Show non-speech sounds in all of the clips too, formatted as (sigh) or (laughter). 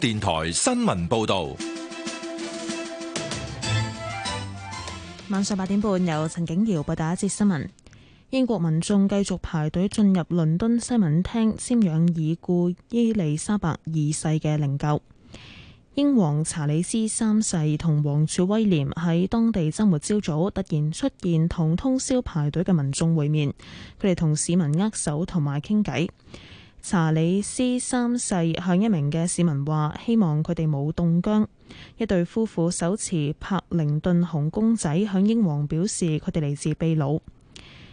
電台新聞報道：晚上八點半，由陳景瑤報道一節新聞。英國民眾繼續排隊進入倫敦西敏廳，瞻仰已故伊麗莎白二世嘅靈柩。英皇查理斯三世同王儲威廉喺當地周末朝早突然出現，同通宵排隊嘅民眾會面。佢哋同市民握手同埋傾偈。查理斯三世向一名嘅市民話希望佢哋冇凍僵。一對夫婦手持柏靈頓熊公仔向英皇表示佢哋嚟自秘魯。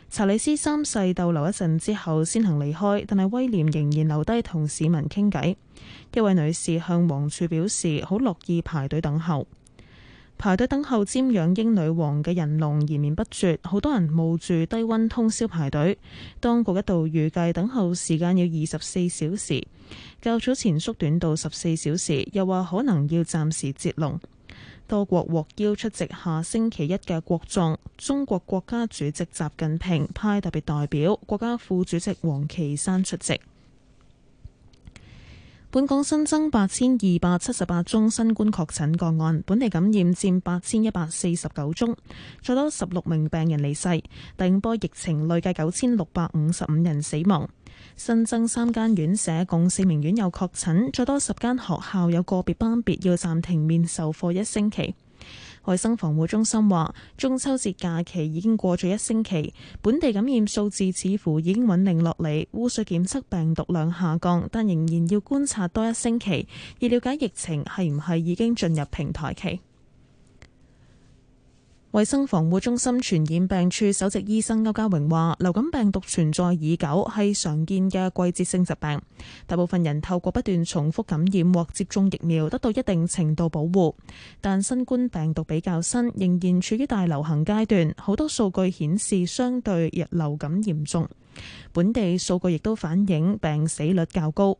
查理斯三世逗留一陣之後先行離開，但係威廉仍然留低同市民傾偈。一位女士向王儲表示好樂意排隊等候。排隊等候瞻仰英女王嘅人龍延綿不絕，好多人冒住低温通宵排隊。當局一度預計等候時間要二十四小時，較早前縮短到十四小時，又話可能要暫時截龍。多國獲邀出席下星期一嘅國葬，中國國家主席習近平派特別代表、國家副主席王岐山出席。本港新增八千二百七十八宗新冠確診個案，本地感染佔八千一百四十九宗，再多十六名病人離世。第五波疫情累計九千六百五十五人死亡，新增三間院舍共四名院友確診，再多十間學校有個別班別要暫停面授課一星期。衛生防護中心話，中秋節假期已經過咗一星期，本地感染數字似乎已經穩定落嚟，污水檢測病毒量下降，但仍然要觀察多一星期，以了解疫情係唔係已經進入平台期？衛生防護中心傳染病處首席醫生歐家榮話：流感病毒存在已久，係常見嘅季節性疾病。大部分人透過不斷重複感染或接種疫苗，得到一定程度保護。但新冠病毒比較新，仍然處於大流行階段。好多數據顯示相對日流感嚴重，本地數據亦都反映病死率較高。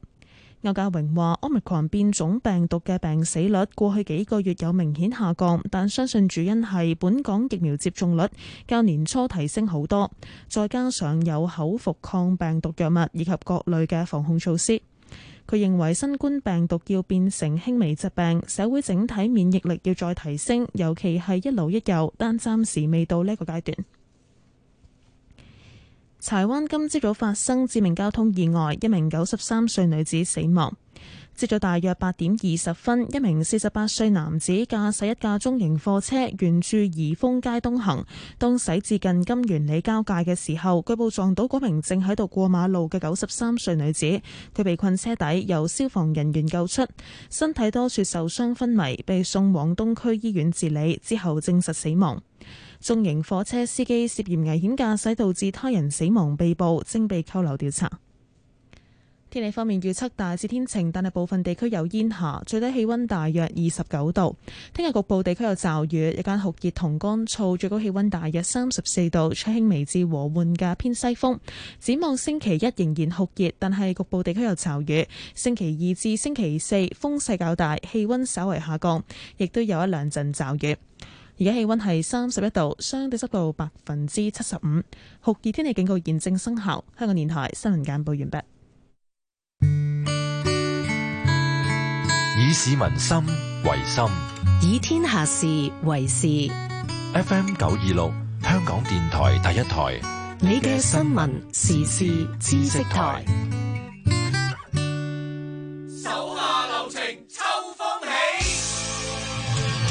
歐家榮話，Omicron 變種病毒嘅病死率過去幾個月有明顯下降，但相信主因係本港疫苗接種率較年初提升好多，再加上有口服抗病毒藥物以及各類嘅防控措施。佢認為新冠病毒要變成輕微疾病，社會整體免疫力要再提升，尤其係一老一幼，但暫時未到呢個階段。柴灣今朝早發生致命交通意外，一名九十三歲女子死亡。朝早大約八點二十分，一名四十八歲男子駕駛一架中型貨車沿住怡豐街東行，當駛至近金元里交界嘅時候，據報撞到嗰名正喺度過馬路嘅九十三歲女子，佢被困車底，由消防人員救出，身體多處受傷昏迷，被送往東區醫院治理之後證實死亡。重型火車司機涉嫌危險駕駛導致他人死亡被捕，正被扣留調查。天氣方面，預測大致天晴，但係部分地區有煙霞，最低氣溫大約二十九度。聽日局部地區有驟雨，日間酷熱同乾燥，最高氣溫大約三十四度，吹輕微至和緩嘅偏西風。展望星期一仍然酷熱，但係局部地區有驟雨。星期二至星期四風勢較大，氣溫稍為下降，亦都有一兩陣驟雨。而家氣溫係三十一度，相對濕度百分之七十五，酷熱天氣警告現正生效。香港電台新聞簡報完畢。以市民心為心，以天下事為事。FM 九二六，香港電台第一台，你嘅新聞時事知識台。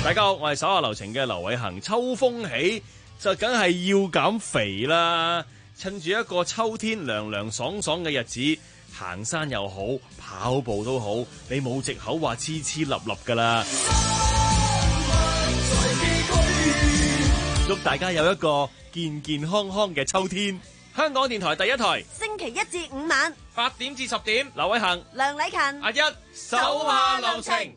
大家好，我係手下留情嘅劉偉恒。秋風起就梗係要減肥啦，趁住一個秋天涼涼爽爽嘅日子，行山又好，跑步都好，你冇借口話黐黐立立㗎喇。祝大家有一個健健康康嘅秋天。香港電台第一台，星期一至五晚八點至十點，劉偉恒、梁禮勤、阿一，手下留情。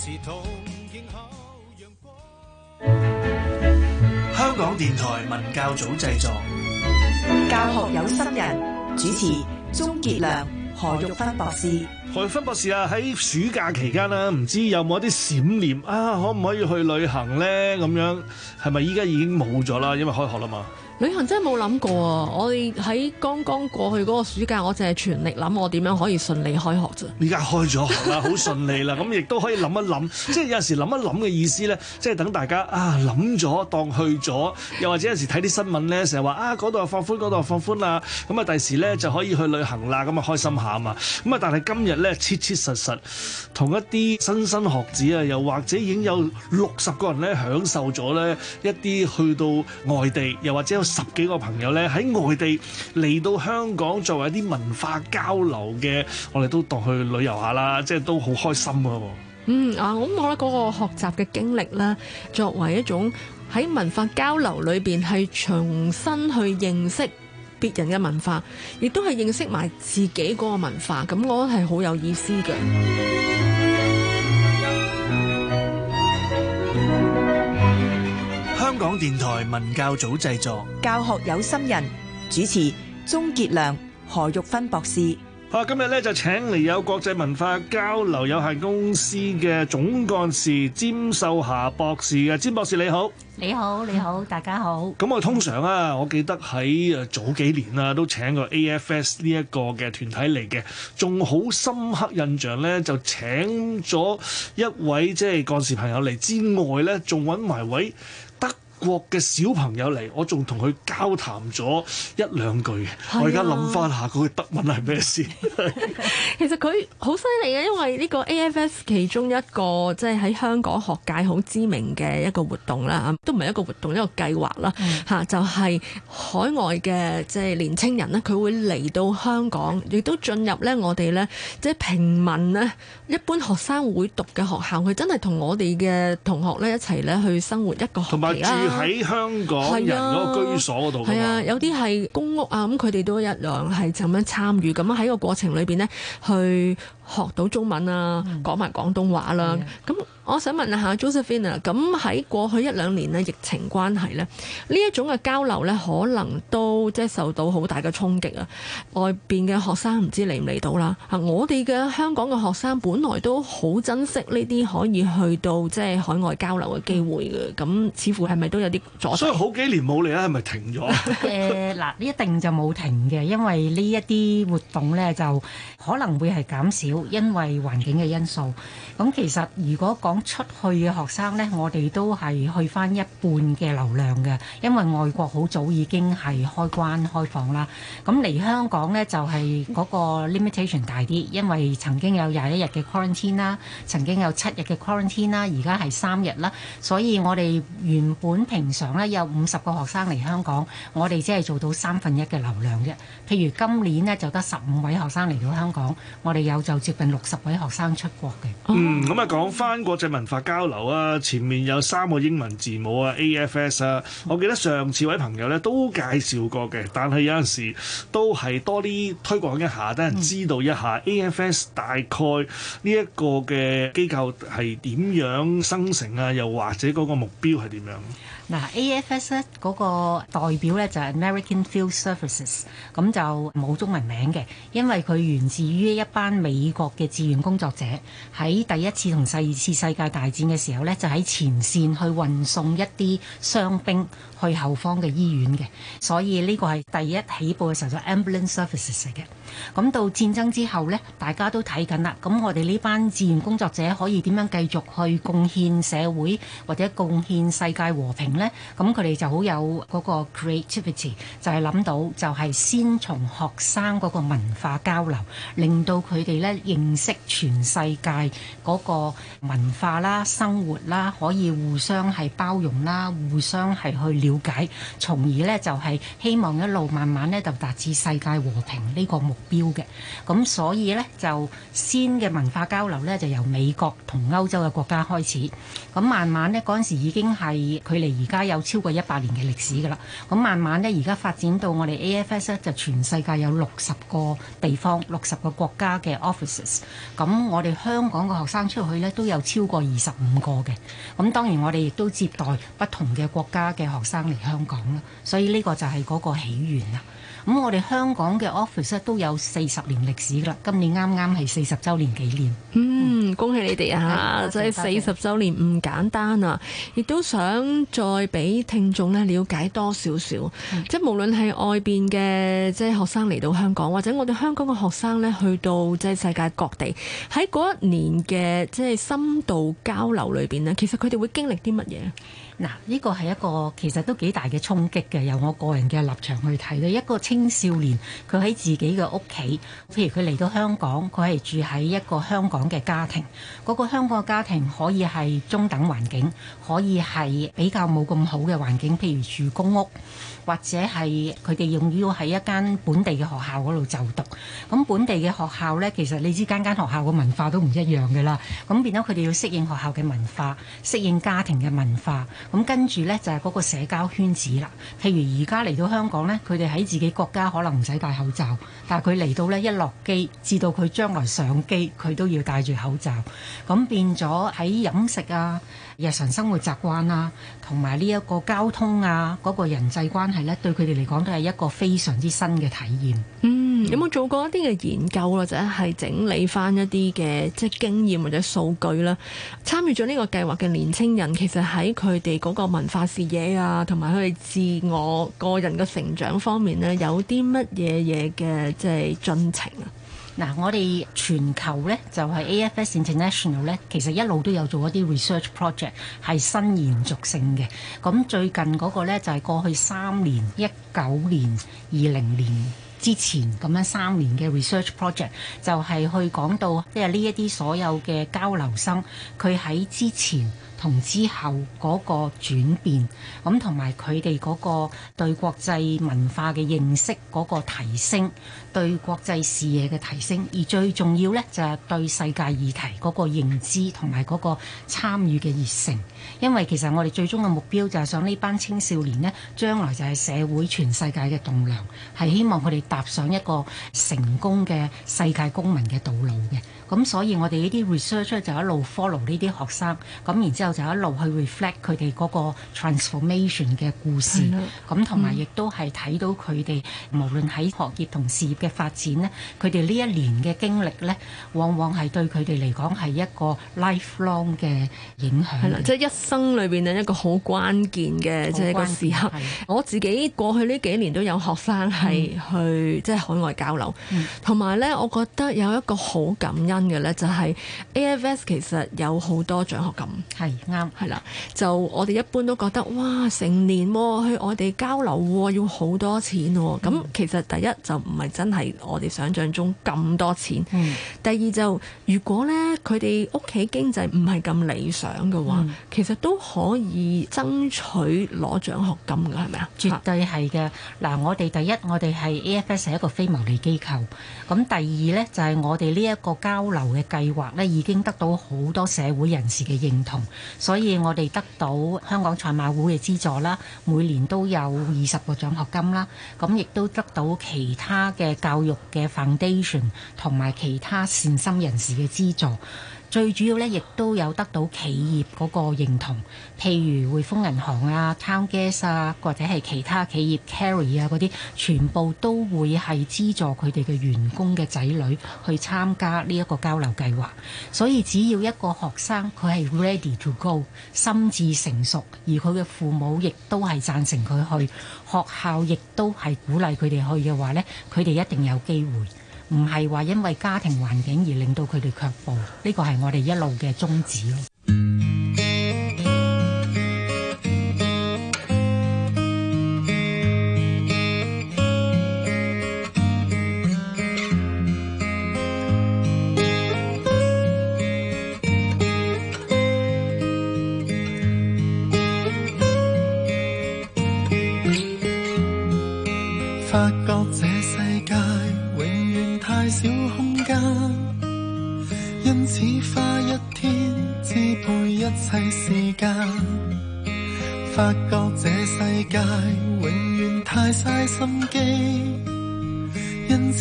香港電台文教組製作，教學有心人主持鍾杰良、何玉芬博士。何玉芬博士啊，喺暑假期間啦，啊，唔知有冇一啲閃念啊？可唔可以去旅行咧？咁樣係咪依家已經冇咗啦？因為開學啦嘛。旅行真係冇諗過啊！我哋喺剛剛過去嗰個暑假，我淨係全力諗我點樣可以順利開學啫。而家開咗學啦，好順利啦。咁亦都可以諗一諗，即係有時諗一諗嘅意思咧，即係等大家啊諗咗當去咗，又或者有時睇啲新聞咧，成日話啊嗰度放寬，嗰度放寬啦，咁啊第時咧就可以去旅行啦，咁啊開心下啊嘛。咁啊，但係今日咧切切實實同一啲新生學子啊，又或者已經有六十個人咧享受咗咧一啲去到外地，又或者十幾個朋友咧喺外地嚟到香港，作為一啲文化交流嘅，我哋都當去旅遊下啦，即係都好開心啊。嗯啊，嗯，我咁我覺得嗰個學習嘅經歷啦，作為一種喺文化交流裏邊係重新去認識別人嘅文化，亦都係認識埋自己嗰個文化，咁我覺得係好有意思嘅。香港電台文教組製作，教學有心人主持鍾杰良、何玉芬博士。好啊，今日咧就請嚟有國際文化交流有限公司嘅總幹事詹秀霞博士嘅，詹博士你好，你好，你好，大家好。咁我通常啊，我記得喺誒早幾年啊，都請過 AFS 呢一個嘅團體嚟嘅，仲好深刻印象咧，就請咗一位即係幹事朋友嚟之外咧，仲搵埋位國嘅小朋友嚟，我仲同佢交談咗一兩句。啊、我而家諗翻下佢德文係咩事？ (laughs) 其實佢好犀利嘅，因為呢個 A.F.S. 其中一個即係喺香港學界好知名嘅一個活動啦，都唔係一個活動，一個計劃啦，嚇、嗯、就係海外嘅即係年青人咧，佢會嚟到香港，亦都進入呢，我哋呢，即係平民呢，一般學生會讀嘅學校，佢真係同我哋嘅同學呢一齊呢去生活一個學喺香港人嗰居所度，啊，係啊，有啲係公屋啊，咁佢哋都一樣係咁樣參與，咁喺個過程裏邊呢，去學到中文啊，講、嗯、埋廣東話啦。咁、啊、我想問一下 Josephina，咁喺過去一兩年咧疫情關係呢，呢一種嘅交流呢，可能都即係受到好大嘅衝擊啊。外邊嘅學生唔知嚟唔嚟到啦。啊，我哋嘅香港嘅學生本來都好珍惜呢啲可以去到即係海外交流嘅機會嘅，咁似乎係咪都？所以好幾年冇嚟咧，係咪停咗？誒 (laughs) 嗱、呃，呢一定就冇停嘅，因為呢一啲活動咧就可能會係減少，因為環境嘅因素。咁其實如果講出去嘅學生咧，我哋都係去翻一半嘅流量嘅，因為外國好早已經係開關開放啦。咁嚟香港咧就係、係、嗰個 limitation 大啲，因為曾經有廿一日嘅 quarantine 啦，曾經有七日嘅 quarantine 啦，而家係三日啦。所以我哋原本平常咧有五十個學生嚟香港，我哋只係做到三分一嘅流量啫。譬如今年咧就得十五位學生嚟到香港，我哋有就接近六十位學生出國嘅。嗯，咁啊講翻國際文化交流啊，前面有三個英文字母啊，AFS 啊，我記得上次位朋友咧都介紹過嘅，但係有陣時都係多啲推廣一下，等人知道一下。AFS 大概呢一個嘅機構係點樣生成啊？又或者嗰個目標係點樣？嗱，A.F.S. 咧嗰個代表咧就係 American Field Services，咁就冇中文名嘅，因為佢源自於一班美國嘅志願工作者喺第一次同第二次世界大戰嘅時候咧，就喺前線去運送一啲傷兵。去後方嘅醫院嘅，所以呢個係第一起步嘅時候就是 ambulance services 嚟嘅。咁到戰爭之後咧，大家都睇緊啦。咁我哋呢班志願工作者可以點樣繼續去貢獻社會或者貢獻世界和平咧？咁佢哋就好有嗰個 creativity，就係諗到就係先從學生嗰個文化交流，令到佢哋咧認識全世界嗰個文化啦、生活啦，可以互相係包容啦，互相係去了。了解，從而咧就係希望一路慢慢咧就達至世界和平呢個目標嘅。咁所以咧就先嘅文化交流咧就由美國同歐洲嘅國家開始。咁慢慢咧陣時已經係距離而家有超過一百年嘅歷史喇，啦。咁慢慢咧而家發展到我哋 AFS 咧就全世界有六十個地方、六十個國家嘅 offices。咁我哋香港嘅學生出去咧都有超過二十五個嘅。咁當然我哋亦都接待不同嘅國家嘅學生。嚟香港啦，所以呢個就係嗰個起源啦。咁我哋香港嘅 office 都有四十年歷史噶啦，今年啱啱係四十周年紀念。嗯，恭喜你哋啊！即係四十周年唔簡單啊，亦都想再俾聽眾咧了解多少少。即係無論係外邊嘅即係學生嚟到香港，或者我哋香港嘅學生咧去到即係世界各地，喺嗰一年嘅即係深度交流裏邊咧，其實佢哋會經歷啲乜嘢？嗱，呢個係一個其實都幾大嘅衝擊嘅，由我個人嘅立場去睇，一個青少年佢喺自己嘅屋企，譬如佢嚟到香港，佢係住喺一個香港嘅家庭，嗰個香港嘅家庭可以係中等環境，可以係比較冇咁好嘅環境，譬如住公屋。或者係佢哋用要喺一間本地嘅學校嗰度就讀，咁本地嘅學校呢，其實你知間間學校嘅文化都唔一樣嘅啦。咁變咗佢哋要適應學校嘅文化，適應家庭嘅文化。咁跟住呢，就係嗰個社交圈子啦。譬如而家嚟到香港呢，佢哋喺自己國家可能唔使戴口罩，但係佢嚟到呢，一落機至到佢將來上機，佢都要戴住口罩。咁變咗喺飲食啊～日常生活習慣啦，同埋呢一個交通啊，嗰個人際關係咧，對佢哋嚟講都係一個非常之新嘅體驗。嗯，有冇做過一啲嘅研究或者係整理翻一啲嘅即係經驗或者數據咧？參與咗呢個計劃嘅年青人，其實喺佢哋嗰個文化視野啊，同埋佢哋自我個人嘅成長方面呢，有啲乜嘢嘢嘅即係進程啊？嗱，我哋全球咧就係、是、AFS International 咧，其實一路都有做一啲 research project 係新延續性嘅。咁最近嗰個咧就係、是、過去三年，一九年、二零年之前咁樣三年嘅 research project 就係去講到，即係呢一啲所有嘅交流生，佢喺之前。同之後嗰個轉變，咁同埋佢哋嗰個對國際文化嘅認識嗰個提升，對國際視野嘅提升，而最重要呢，就係對世界議題嗰個認知同埋嗰個參與嘅熱誠。因為其實我哋最終嘅目標就係想呢班青少年呢，將來就係社會全世界嘅棟梁，係希望佢哋踏上一個成功嘅世界公民嘅道路嘅。咁所以我哋呢啲 researcher 就一路 follow 呢啲學生，咁然之後就一路去 reflect 佢哋嗰個 transformation 嘅故事，咁同埋亦都係睇到佢哋、嗯、無論喺學業同事業嘅發展咧，佢哋呢一年嘅經歷呢，往往係對佢哋嚟講係一個 lifelong 嘅影響。係啦，即係一生裏邊呢一個好關鍵嘅即係個時刻，我自己過去呢幾年都有學生係去即係海外交流，同埋呢，我覺得有一個好感恩嘅呢，就係、是、AFS 其實有好多獎學金，係啱，係啦，就我哋一般都覺得哇，成年去我哋交流要好多錢喎，咁、嗯、其實第一就唔係真係我哋想像中咁多錢，嗯，第二就是、如果呢，佢哋屋企經濟唔係咁理想嘅話，嗯其實都可以爭取攞獎學金嘅，係咪啊？絕對係嘅。嗱，我哋第一，我哋係 AFS 係一個非牟利機構。咁第二呢，就係我哋呢一個交流嘅計劃呢，已經得到好多社會人士嘅認同，所以我哋得到香港賽馬會嘅資助啦，每年都有二十個獎學金啦。咁亦都得到其他嘅教育嘅 foundation 同埋其他善心人士嘅資助。最主要咧，亦都有得到企業嗰個認同，譬如匯豐銀行啊、Towngas 啊，或者係其他企業 Carry 啊嗰啲，全部都會係資助佢哋嘅員工嘅仔女去參加呢一個交流計劃，所以只要一個學生佢係 ready to go，心智成熟，而佢嘅父母亦都係贊成佢去，學校亦都係鼓勵佢哋去嘅話咧，佢哋一定有機會。唔係話因為家庭環境而令到佢哋卻步，呢、這個係我哋一路嘅宗旨。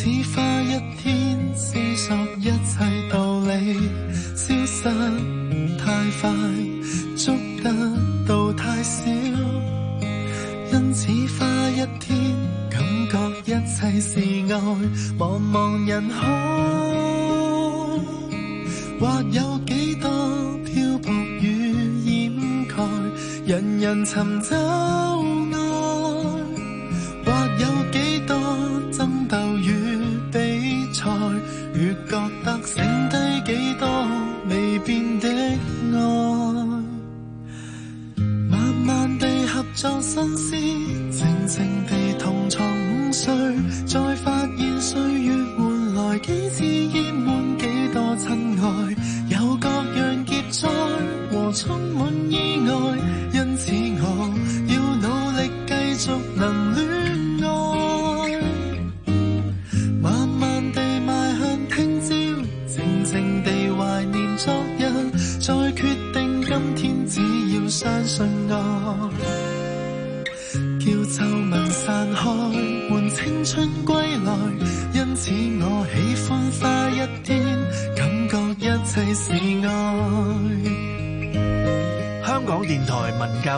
只花一天思索一切。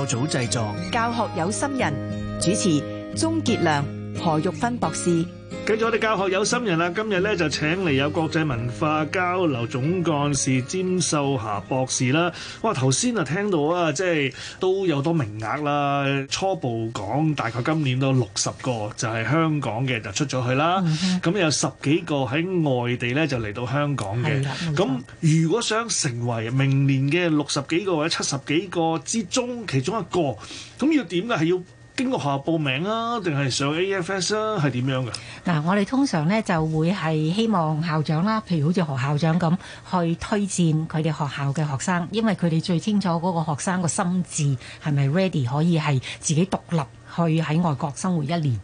教組製作，教學有心人主持，鍾杰良、何玉芬博士。請咗我哋教學有心人啦，今日咧就請嚟有國際文化交流總幹事詹秀霞博士啦。哇，頭先啊聽到啊，即係都有多名額啦。初步講大概今年都六十個就，就係香港嘅就出咗去啦。咁、嗯、有十幾個喺外地咧就嚟到香港嘅。咁如果想成為明年嘅六十幾個或者七十幾個之中其中一個，咁要點咧？係要。邊個學校報名啊？定係上 AFS 啊？係點樣㗎？嗱，我哋通常呢就會係希望校長啦，譬如好似何校長咁，去推薦佢哋學校嘅學生，因為佢哋最清楚嗰個學生個心智係咪 ready 可以係自己獨立去喺外國生活一年。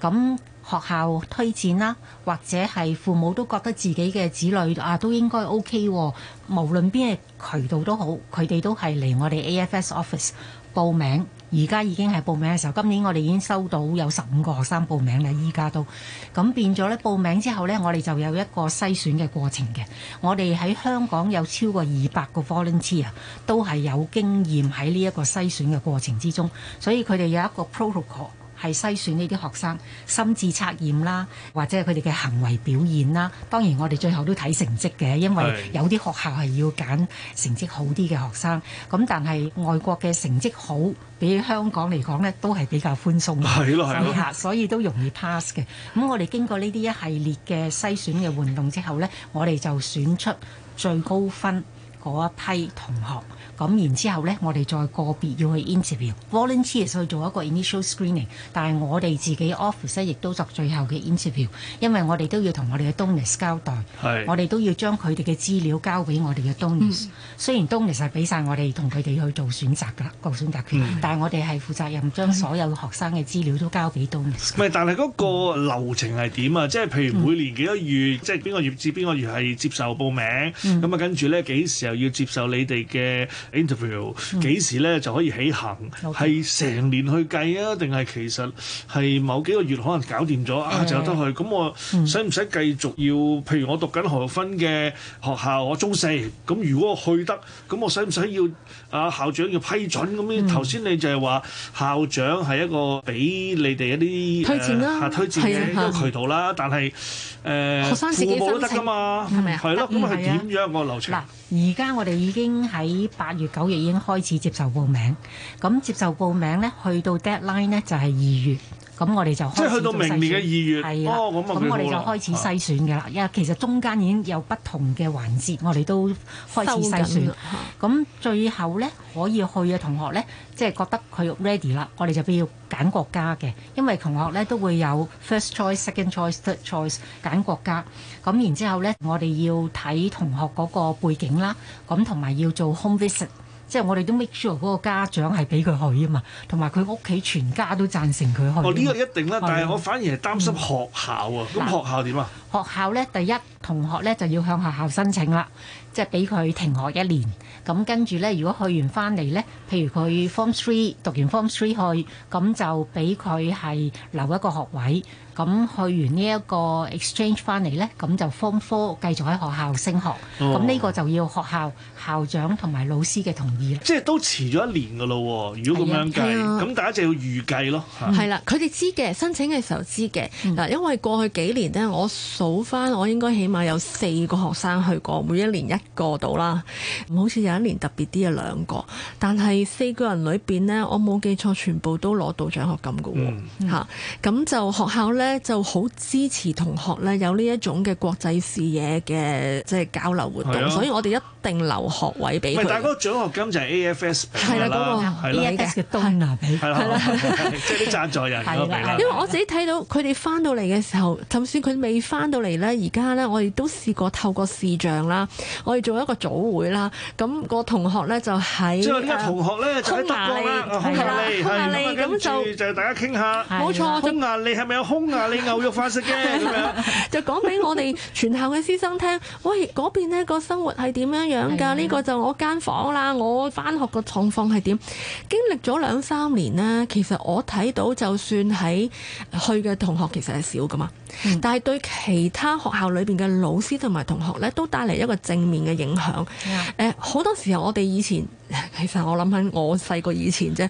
咁學校推薦啦，或者係父母都覺得自己嘅子女啊都應該 OK，無論邊個渠道都好，佢哋都係嚟我哋 AFS office 報名。而家已經係報名嘅時候，今年我哋已經收到有十五個學生報名啦，依家都咁變咗咧。報名之後呢，我哋就有一個篩選嘅過程嘅。我哋喺香港有超過二百個 volunteer 啊，都係有經驗喺呢一個篩選嘅過程之中，所以佢哋有一個 protocol。係篩選呢啲學生，心智測驗啦，或者佢哋嘅行為表現啦。當然我哋最後都睇成績嘅，因為有啲學校係要揀成績好啲嘅學生。咁但係外國嘅成績好，比香港嚟講呢，都係比較寬鬆嘅，係咯係咯嚇，所以都容易 pass 嘅。咁我哋經過呢啲一系列嘅篩選嘅活動之後呢，我哋就選出最高分嗰一批同學，咁然之後呢，我哋再個別要去 interview。Volunteers 去做一個 initial screening，但係我哋自己 office 亦都作最後嘅 interview，因為我哋都要同我哋嘅 Donors 交代，我哋都要將佢哋嘅資料交俾我哋嘅 Donors。雖然 Donors 係俾晒我哋同佢哋去做選擇㗎啦，個選擇權，嗯，但係我哋係負責任將所有學生嘅資料都交俾 Donors。唔係，但係嗰個流程係點啊？即係譬如每年幾多月，即係邊個月至邊個月係接受報名，咁啊跟住呢幾時？又要接受你哋嘅 interview，幾時咧就可以起行？係、嗯、成年去計啊，定係其實係某幾個月可能搞掂咗啊，就有得去。咁我使唔使繼續要？譬如我讀緊何玉芬嘅學校，我中四。咁如果我去得，咁我使唔使要啊校長要批准？咁頭先你就係話校長係一個俾你哋一啲推薦啊，呃、推薦嘅渠道啦。但係誒、呃、學生自己申請都得㗎嘛，係咪？係咯，咁係點樣、個流程？而家我哋已經喺八月九月已經開始接受報名，咁接受報名呢，去到 deadline 呢就係二月。咁我哋就開始即係去到明年嘅二月，咁、哦、我哋就開始篩選嘅啦、啊。因為其實中間已經有不同嘅環節，我哋都開始篩選。咁最後咧可以去嘅同學咧，即係覺得佢 ready 啦，我哋就必要揀國家嘅，因為同學咧都會有 first choice、second choice、third choice 揀國家。咁然之後咧，我哋要睇同學嗰個背景啦，咁同埋要做 home visit。即係我哋都 make sure 嗰個家長係俾佢去啊嘛，同埋佢屋企全家都贊成佢去的。呢、哦呢個一定啦，但係我反而係擔心學校啊。咁、嗯、學校點啊？學校咧，第一同學咧就要向學校申請啦，即係俾佢停學一年。咁跟住咧，如果去完翻嚟咧，譬如佢 form three 讀完 form three 去，咁就俾佢係留一個學位。咁去完呢一個 exchange 翻嚟咧，咁就 form four 繼續喺學校升學，咁、哦、呢個就要學校校長同埋老師嘅同意啦。即係都遲咗一年噶咯，如果咁樣計，咁、哎、大家就要預計咯。係、嗯、啦，佢哋知嘅，申請嘅時候知嘅。嗱、嗯，因為過去幾年咧，我數翻，我應該起碼有四個學生去過，每一年一個到啦。好似有一年特別啲，啊兩個，但係四個人裏邊咧，我冇記錯全部都攞到獎學金噶喎。嚇、嗯、咁、嗯、就學校咧。咧就好支持同學咧有呢一種嘅國際視野嘅即係交流活動，所以我哋一定留學位俾佢。但嗰個獎學金就係 A F S 俾㗎啦 A F S 嘅東南俾。係啦，即係啲贊助人。係啦，因為我自己睇到佢哋翻到嚟嘅時候，就算佢未翻到嚟咧，而家咧我哋都試過透過視像啦，我哋做一個組會啦。咁、那個同學咧就喺，即係呢個同學咧喺德國啦，空壓力，空壓力，咁就就大家傾下，冇錯，空壓力係咪有空 (laughs) 你牛肉飯食嘅 (laughs) 就講俾我哋全校嘅師生聽。 (laughs) 喂，嗰邊呢個生活係點樣樣㗎？呢個就我間房啦，我返學個狀況係點？經歷咗兩三年咧，其實我睇到，就算喺去嘅同學，其實係少噶嘛。嗯、但係對其他學校裏邊嘅老師同埋同學咧，都帶嚟一個正面嘅影響。誒、嗯，好多時候我哋以前，其實我諗緊我細個以前啫。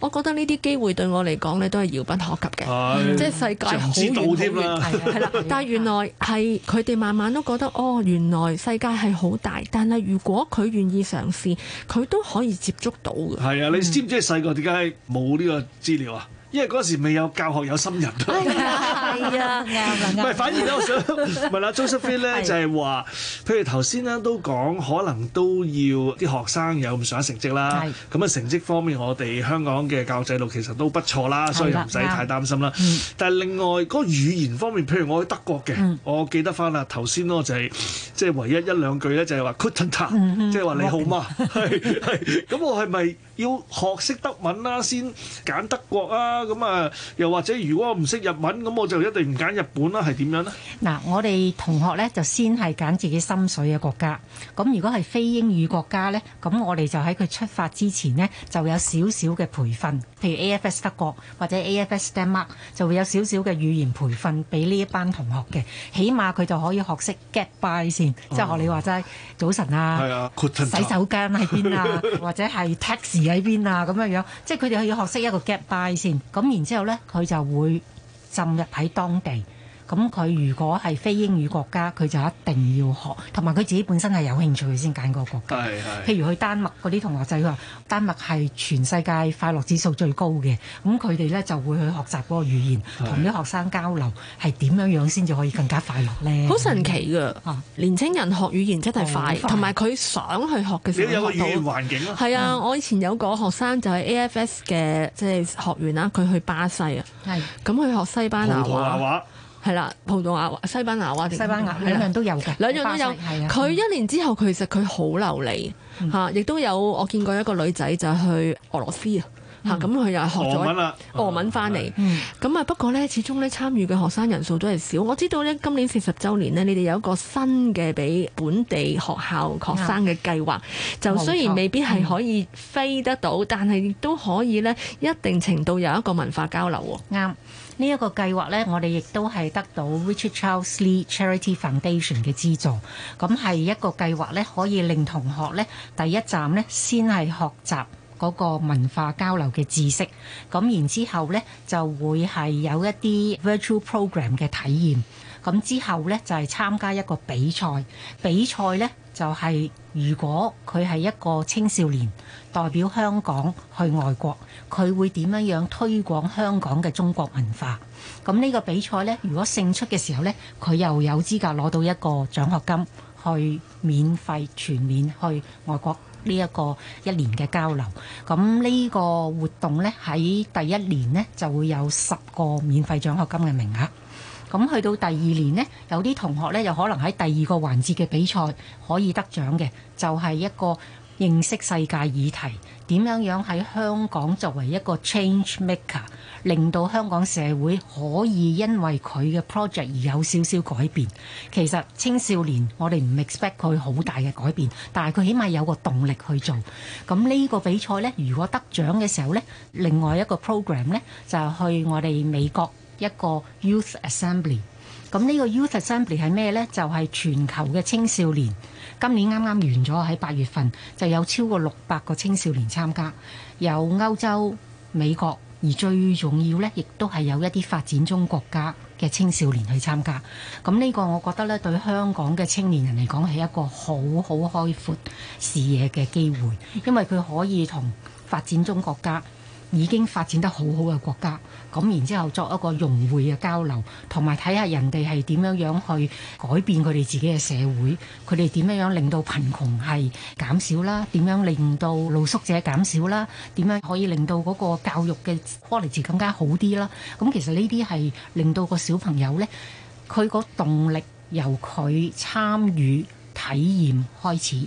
我覺得呢啲機會對我嚟講咧，都係遙不可及嘅。即係世界好遠遠。係啦、啊啊啊，但係原來係佢哋慢慢都覺得，哦，原來世界係好大。但係如果佢願意嘗試，佢都可以接觸到嘅。係啊，你知唔知細個點解冇呢個資料啊？因為嗰時未有教學有心人啊，係啊，啱唔啱？唔係，反而咧，我想問下 Josephine 咧，就係話，譬如頭先咧都講，可能都要啲學生有咁上下成績啦。咁啊，成績方面，我哋香港嘅教育制度其實都不錯啦，所以又唔使太擔心啦。但係另外嗰語言方面，譬如我去德國嘅，我記得翻啦，頭先咯就係即係唯一一兩句咧，就係話 Guten Tag，即係話你好嘛。係係，咁我係咪？要學識德文啦，先揀德國啊！咁啊，又或者如果我唔識日文，咁我就一定唔揀日本啦，係點樣呢？嗱，我哋同學呢就先係揀自己心水嘅國家。咁如果係非英語國家呢，咁我哋就喺佢出發之前呢，就會有少少嘅培訓，譬如 AFS 德國或者 AFS Denmark 就會有少少嘅語言培訓俾呢一班同學嘅，起碼佢就可以學識 get by 先，即係學你話齋早晨啊，係啊，洗手間喺邊啊，或者係 taxi。喺邊啊？咁樣樣，即係佢哋係要學識一個 gap buy 先，咁然之後咧，佢就會浸入喺當地。咁佢如果係非英語國家，佢就一定要學，同埋佢自己本身係有興趣先揀嗰個國家。對對。譬如去丹麥嗰啲同學仔話，丹麥係全世界快樂指數最高嘅，咁佢哋呢就會去學習嗰個語言，同啲學生交流係點樣樣先至可以更加快樂呢？好神奇㗎、啊！年青人學語言真係快，同埋佢想去學嘅時候。你有個語言環境係啊，我以前有個學生就係、是、A F S 嘅即係學員啦，佢去巴西啊。係。咁佢學西班牙話係啦，葡萄牙、西班牙話，兩樣都有嘅，兩樣都有。佢一年之後，其實佢好流利嚇，亦都有我見過一個女仔就去俄羅斯啊嚇，咁佢、嗯、又係學咗俄文翻嚟。咁啊，不過呢，始終呢參與嘅學生人數都係少。我知道呢，今年四十週年呢，你哋有一個新嘅俾本地學校學生嘅計劃，就雖然未必係可以飛得到，但係亦都可以呢一定程度有一個文化交流喎。啱。呢、這、一個計劃呢，我哋亦都係得到 Richard Charles Lee Charity Foundation 嘅資助，咁係一個計劃呢，可以令同學呢，第一站呢，先係學習嗰個文化交流嘅知識，咁然後就會有一些的體驗之後呢，就會係有一啲 virtual program 嘅體驗，咁之後呢，就係參加一個比賽，比賽呢，就係如果佢係一個青少年。代表香港去外國，佢會點樣樣推廣香港嘅中國文化？咁呢個比賽咧，如果勝出嘅時候咧，佢又有資格攞到一個獎學金，去免費全面去外國呢一個一年嘅交流。咁呢個活動咧，喺第一年咧就會有十個免費獎學金嘅名額，咁去到第二年咧，有啲同學咧又可能喺第二個環節嘅比賽可以得獎嘅，就係一個。認識世界議題點樣樣喺香港作為一個 change maker，令到香港社會可以因為佢嘅 project 而有少少改變。其實青少年我哋唔 expect 佢好大嘅改變，但係佢起碼有個動力去做。咁呢個比賽呢，如果得獎嘅時候呢，另外一個 program 呢，就係去我哋美國一個 youth assembly。咁呢個 youth assembly 係咩呢？就係全球嘅青少年。今年啱啱完咗喺八月份，就有超過六百個青少年參加，有歐洲、美國，而最重要咧，亦都係有一啲發展中國家嘅青少年去參加。咁、這、呢個我覺得咧，對香港嘅青年人嚟講，係一個好好開闊視野嘅機會，因為佢可以同發展中國家。已經發展得好好嘅國家，咁然之後作一個融匯嘅交流，同埋睇下人哋係點樣樣去改變佢哋自己嘅社會，佢哋點樣樣令到貧窮係減少啦，點樣令到露宿者減少啦，點樣可以令到嗰個教育嘅 quality 更加好啲啦。咁其實呢啲係令到個小朋友呢，佢個動力由佢參與體驗開始。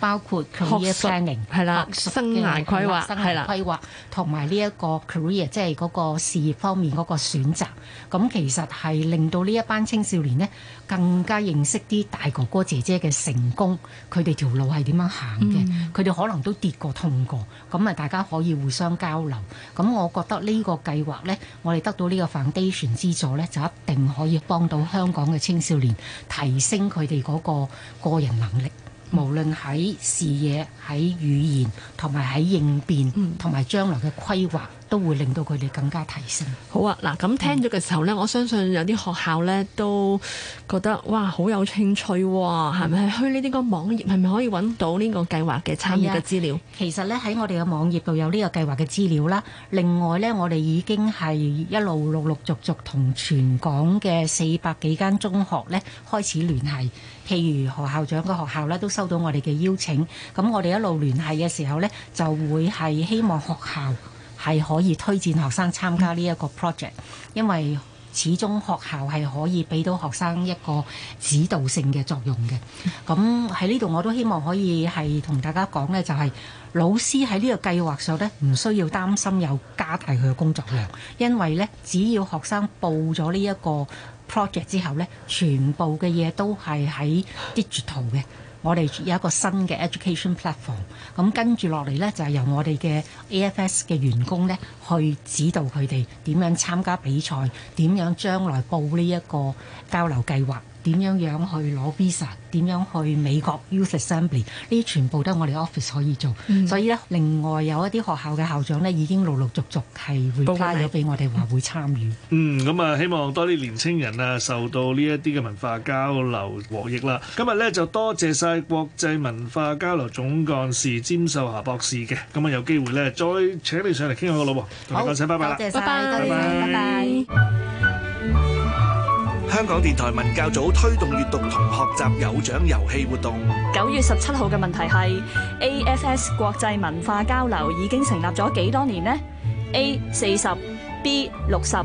包括 career planning，係啦，生涯規劃，係啦，規劃同埋呢一個 career，即係嗰個事業方面嗰個選擇。咁其實係令到呢一班青少年咧，更加認識啲大哥哥姐姐嘅成功，佢哋條路係點樣行嘅，佢、嗯、哋可能都跌過痛過，咁啊大家可以互相交流。咁我覺得呢個計劃咧，我哋得到呢個 foundation 資助咧，就一定可以幫到香港嘅青少年提升佢哋嗰個個人能力。無論喺視野、喺語言，同埋喺應變，同埋將來嘅規劃，都會令到佢哋更加提升。好啊，嗱咁聽咗嘅時候呢、嗯，我相信有啲學校呢都覺得哇，好有興趣喎。係咪去呢啲個網頁，係咪可以揾到呢個計劃嘅參與嘅資料？啊、其實呢，喺我哋嘅網頁度有呢個計劃嘅資料啦。另外呢，我哋已經係一路陸陸續續同全港嘅四百幾間中學呢開始聯繫。譬如何校長嘅學校呢，都收到我哋嘅邀請，咁我哋一路聯繫嘅時候呢，就會係希望學校，係可以推薦學生參加呢一個 project，因為始終學校係可以俾到學生一個指導性嘅作用嘅。咁喺呢度我都希望可以係同大家講呢，就係老師喺呢個計劃上呢，唔需要擔心有加大佢嘅工作量，因為呢，只要學生報咗呢一個 project 之後呢，全部嘅嘢都係喺 digital 嘅。我哋有一個新嘅 education platform，咁跟住落嚟咧，就係由我哋嘅 AFS 嘅員工咧，去指導佢哋點樣參加比賽，點樣將來報呢一個交流計劃。點樣樣去攞 visa？點樣去美國 Youth Assembly？呢啲全部都係我哋 office 可以做。嗯、所以咧，另外有一啲學校嘅校長咧，已經陸陸續續係會加咗俾我哋話會參與。嗯，咁、嗯、啊、嗯嗯，希望多啲年青人啊，受到呢一啲嘅文化交流獲益啦。今日咧就多謝晒國際文化交流總幹事詹秀霞博士嘅。咁、嗯、啊，有機會咧再請你上嚟傾下個咯喎。好，多謝，拜拜，多謝，拜拜，多謝，拜拜。拜拜，多謝，拜拜。香港電臺文教組推動閱讀同學習有獎遊戲活動。九月十七號嘅問題係：A F S 國際文化交流已經成立咗幾多年呢？A 四十，B 六十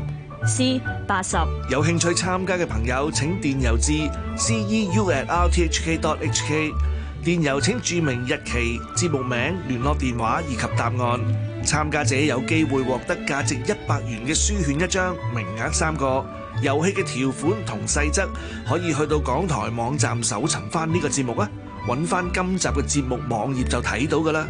，C 八十。有興趣參加嘅朋友，請電郵至 c e u at r t h k dot h k。電郵請注明日期、節目名、聯絡電話以及答案。參加者有機會獲得價值一百元嘅書券一張，名額三個。遊戲嘅條款同細則可以去到港台網站搜尋翻呢個節目啊，揾翻今集嘅節目網頁就睇到㗎喇。